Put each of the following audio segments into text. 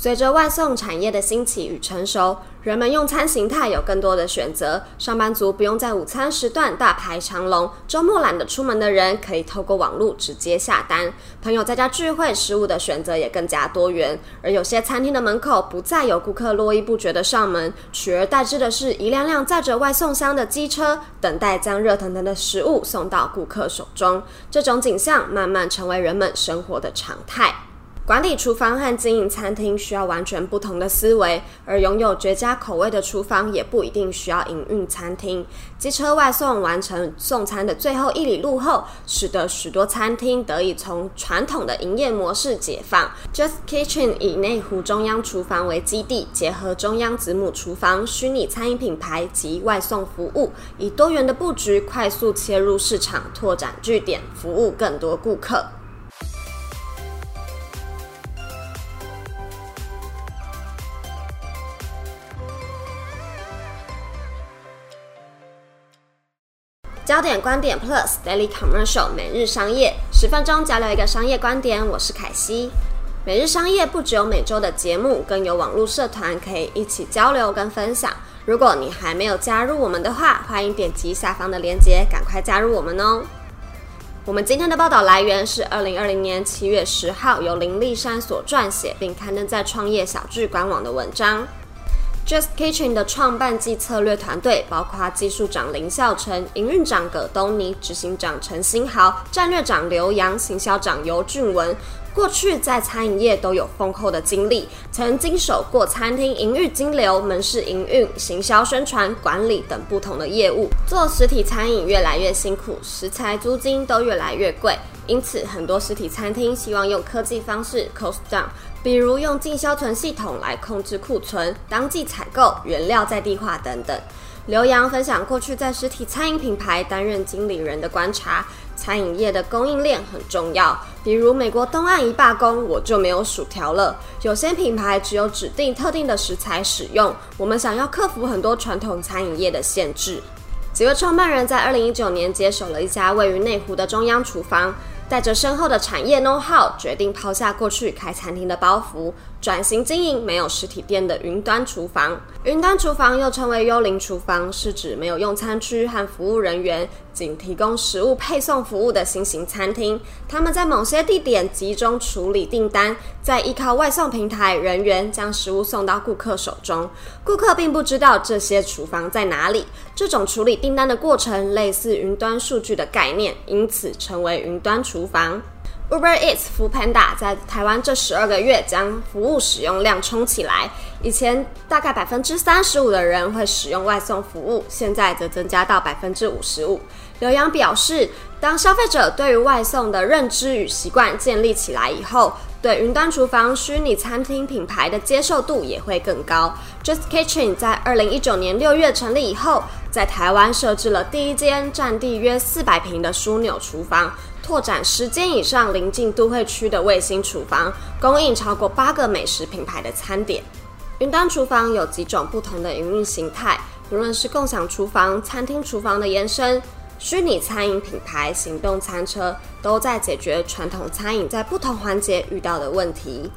隨着外送產業的興起與成熟，人們用餐形態有更多的選擇。上班族不用在午餐時段大排長龍，周末懶得出門的人可以透過網絡直接下單。朋友在家聚會，食物的選擇也更加多元。而有些餐廳的門口不再有顧客絡繹不絕的上門，取而代之的是一輛輛載着外送箱的機車，等待將熱騰騰的食物送到顧客手中。這種景象慢慢成為人們生活的常態。管理廚房和經營餐廳需要完全不同的思維，而擁有絕佳口味的廚房也不一定需要營運餐廳。機車外送完成送餐的最後一里路後，使得許多餐廳得以從傳統的營業模式解放。Just Kitchen 以內湖中央廚房為基地，結合中央子母廚房、虛擬餐飲品牌及外送服務，以多元的布局快速切入市場，拓展據點，服務更多顧客。交點觀點 Plus Daily Commercial 每日商業，十分鐘交流一個商業觀點。我是凱西。每日商業不只有每周的節目，更有網絡社團可以一起交流跟分享。如果你還沒有加入我們的話，歡迎點擊下方的鏈接，趕快加入我們哦。我們今天的報道來源是二零二零年七月十號由林麗珊所撰寫並刊登在創業小聚官網的文章。Just Kitchen 的創辦及策略團隊包括技術長林孝成、營運長葛東尼、執行長陳新豪、戰略長劉洋、行銷長尤俊文。過去在餐飲業都有豐厚的經歷，曾經手過餐廳營運、金流、門市營運、行銷、宣傳、管理等不同的業務。做實體餐飲越來越辛苦，食材、租金都越來越貴，因此很多實體餐廳希望用科技方式 cost down。比如用進銷存系統來控制庫存、當季採購、原料在地化等等。劉洋分享過去在實體餐飲品牌擔任經理人的觀察：餐飲業的供應鏈很重要，比如美國東岸一罷工，我就沒有薯條了。有些品牌只有指定特定的食材使用。我們想要克服很多傳統餐飲業的限制。幾位創辦人在2019年接手了一家位於內湖的中央廚房。帶着深厚的產業 know-how，決定拋下過去開餐廳的包袱。轉型經營沒有實體店的雲端廚房，雲端廚房又稱為幽靈廚房，是指沒有用餐區和服務人員，僅提供食物配送服務的新型餐廳。他們在某些地點集中處理訂單，再依靠外送平台人員將食物送到顧客手中。顧客並不知道這些廚房在哪裡。這種處理訂單的過程類似雲端數據的概念，因此稱為雲端廚房。Uber Eats、foodpanda 在台灣這十二個月將服務使用量衝起來，以前大概百分之三十五的人會使用外送服務，現在則增加到百分之五十五。劉洋表示，當消費者對於外送的認知與習慣建立起來以後，對雲端廚房、虛擬餐廳品牌的接受度也會更高。Just Kitchen 在二零一九年六月成立以後，在台灣設置了第一間占地約四百平的樞紐廚房，拓展十間以上臨近都會區的衛星廚房，供應超過八個美食品牌的餐點。雲端廚房有幾種不同的營運形態，無論是共享廚房、餐廳廚房的延伸、虛擬餐飲品牌、行動餐車，都在解決傳統餐飲在不同環節遇到的問題。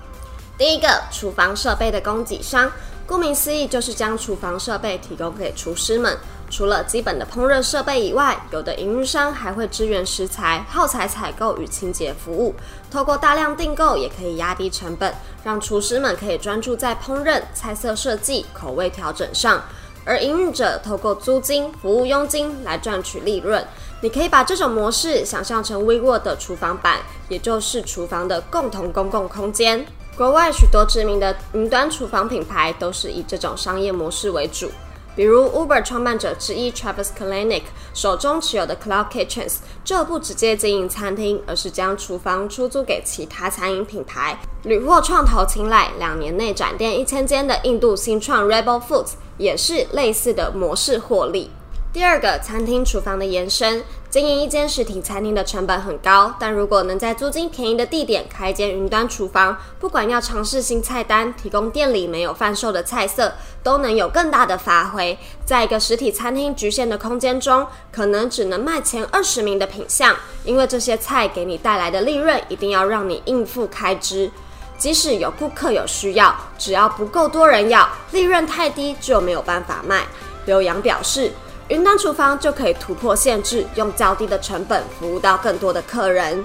第一個，廚房設備的供給商，顧名思義就是將廚房設備提供給廚師們。除了基本的烹飪設備以外，有的營運商還會支援食材、耗材採購與清潔服務。透過大量訂購，也可以壓低成本，讓廚師們可以專注在烹飪、菜色設計、口味調整上。而營運者透過租金、服務佣金來賺取利潤。你可以把這種模式想象成 WeWork 的廚房版，也就是廚房的共同公共空間。國外許多知名的雲端廚房品牌都是以這種商業模式為主。比如 Uber 創辦者之一 Travis Kalanick 手中持有的 Cloud Kitchens，就不直接經營餐廳，而是將廚房出租給其他餐飲品牌，屢獲創投青睞。兩年內展店一千間的印度新創 Rebel Foods 也是類似的模式獲利。第二個，餐廳廚房的延伸。經營一間實體餐廳的成本很高，但如果能在租金便宜的地點開一間雲端廚房，不管要嘗試新菜單、提供店裡沒有販售的菜色，都能有更大的發揮。在一個實體餐廳局限的空間中，可能只能賣前二十名的品項，因為這些菜給你帶來的利潤一定要讓你應付開支。即使有顧客有需要，只要不夠多人要，利潤太低就沒有辦法賣。劉洋表示。雲端廚房就可以突破限制，用較低的成本服務到更多的客人。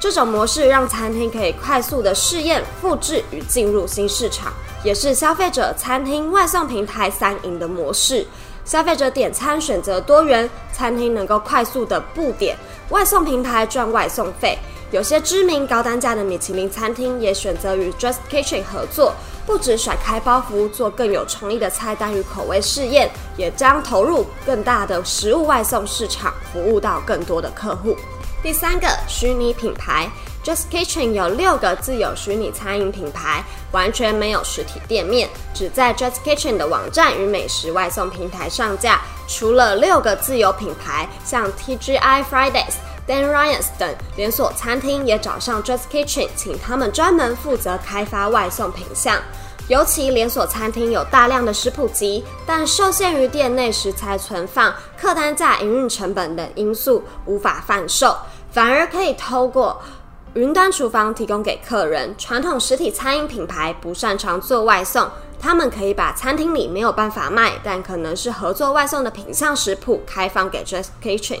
這種模式讓餐廳可以快速的試驗、複製與進入新市場，也是消費者、餐廳、外送平台三贏的模式。消費者點餐選擇多元，餐廳能夠快速的布點，外送平台賺外送費。有些知名高單價的米其林餐廳也選擇與 Just Kitchen 合作，不止甩開包袱做更有創意的菜單與口味試驗，也將投入更大的食物外送市場，服務到更多的客戶。第三個虛擬品牌 Just Kitchen 有六個自有虛擬餐飲品牌，完全沒有實體店面，只在 Just Kitchen 的網站與美食外送平台上架。除了六個自有品牌，像 TGI Fridays。Ben Ryan 等連鎖餐廳也找上 Just Kitchen，請他們專門負責開發外送品項。尤其連鎖餐廳有大量的食譜集，但受限於店內食材存放、客單價、營運成本等因素，無法販售，反而可以透過雲端廚房提供給客人。傳統實體餐飲品牌不擅長做外送，他們可以把餐廳裡沒有辦法賣，但可能是合作外送的品項食譜開放給 Just Kitchen。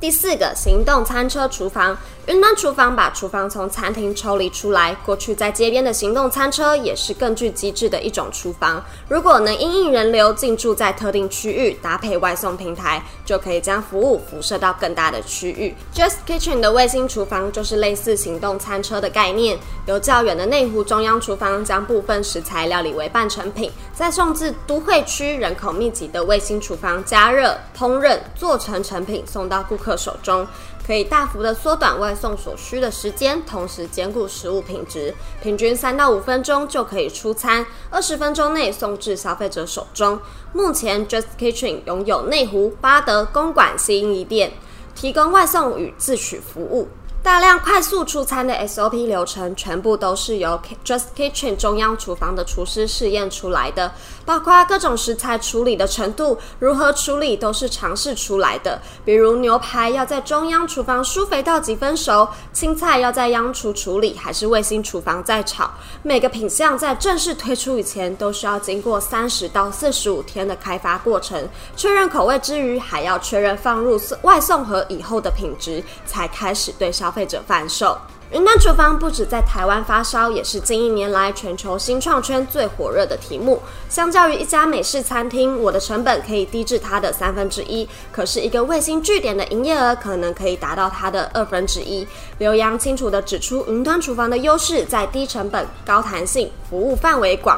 第四個行動餐車廚房，雲端廚房把廚房從餐廳抽離出來。過去在街邊的行動餐車也是更具機智的一種廚房。如果能因應人流進駐在特定區域，搭配外送平台，就可以將服務輻射到更大的區域。Just Kitchen 的衛星廚房就是類似行動餐車的概念，由較遠的內湖中央廚房將部分食材料理為半成品，再送至都會區人口密集的衛星廚房加熱烹飪，做成成品送到顧客。手中可以大幅的縮短外送所需的時間，同時兼顧食物品質，平均三到五分鐘就可以出餐，二十分鐘內送至消費者手中。目前 Just Kitchen 擁有內湖、八德、公館、新一店，提供外送與自取服務。大量快速出餐的 SOP 流程，全部都是由 Just Kitchen 中央廚房的廚師試驗出來的，包括各種食材處理的程度、如何處理都是嘗試出來的。比如牛排要在中央廚房舒肥到幾分熟，青菜要在央廚處理還是衛星廚房在炒。每個品項在正式推出以前，都需要經過三十到四十五天的開發過程，確認口味之餘，還要確認放入外送盒以後的品質，才開始對上。消費者販售雲端廚房，不只在台灣發燒，也是近一年來全球新創圈最火熱的題目。相較於一家美式餐廳，我的成本可以低至它的三分之一，可是一個衛星據點的營業額可能可以達到它的二分之一。劉揚清楚地指出，雲端廚房的優勢在低成本、高彈性、服務範圍廣。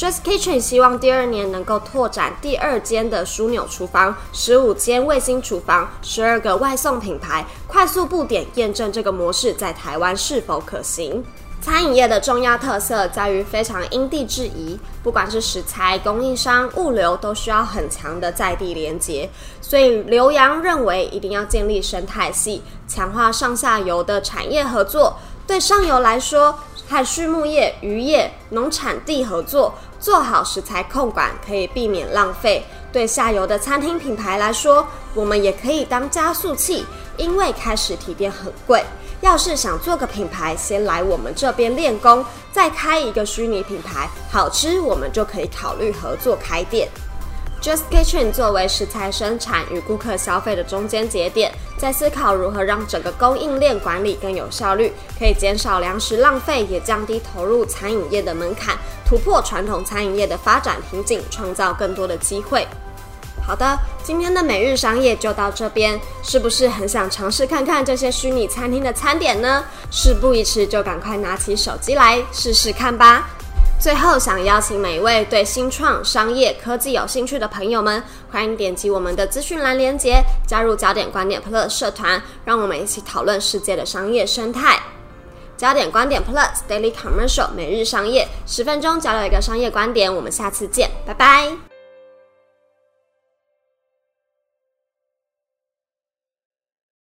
JustKitchen 希望第二年能夠拓展第二間的樞紐廚房、十五間衛星廚房、十二個外送品牌，快速布點驗證這個模式在台灣是否可行。餐飲業的重要特色在於非常因地制宜，不管是食材供應商、物流，都需要很強的在地連接。所以劉洋認為，一定要建立生態系，強化上下游的產業合作。對上游來說，和畜牧業、漁業、農產地合作，做好食材控管，可以避免浪費。對下游的餐廳品牌來說，我們也可以當加速器，因為開實體店很貴。要是想做個品牌，先來我們這邊練功，再開一個虛擬品牌，好吃，我們就可以考慮合作開店。Just Kitchen 作為食材生產與顧客消費的中間節點，在思考如何讓整個供應鏈管理更有效率，可以減少糧食浪費，也降低投入餐飲業的門檻，突破傳統餐飲業的發展瓶頸，創造更多的機會。好的，今天的每日商業就到這邊，是不是很想嘗試看看這些虛擬餐廳的餐點呢？事不宜遲，就趕快拿起手機來試試看吧！最後，想邀請每一位對新創商業科技有興趣的朋友們，歡迎點擊我們的資訊欄鏈接，加入交點觀點 Plus 社團，讓我們一起討論世界的商業生態。交點觀點 Plus Daily Commercial 每日商業，十分鐘交流一個商業觀點。我們下次見，拜拜。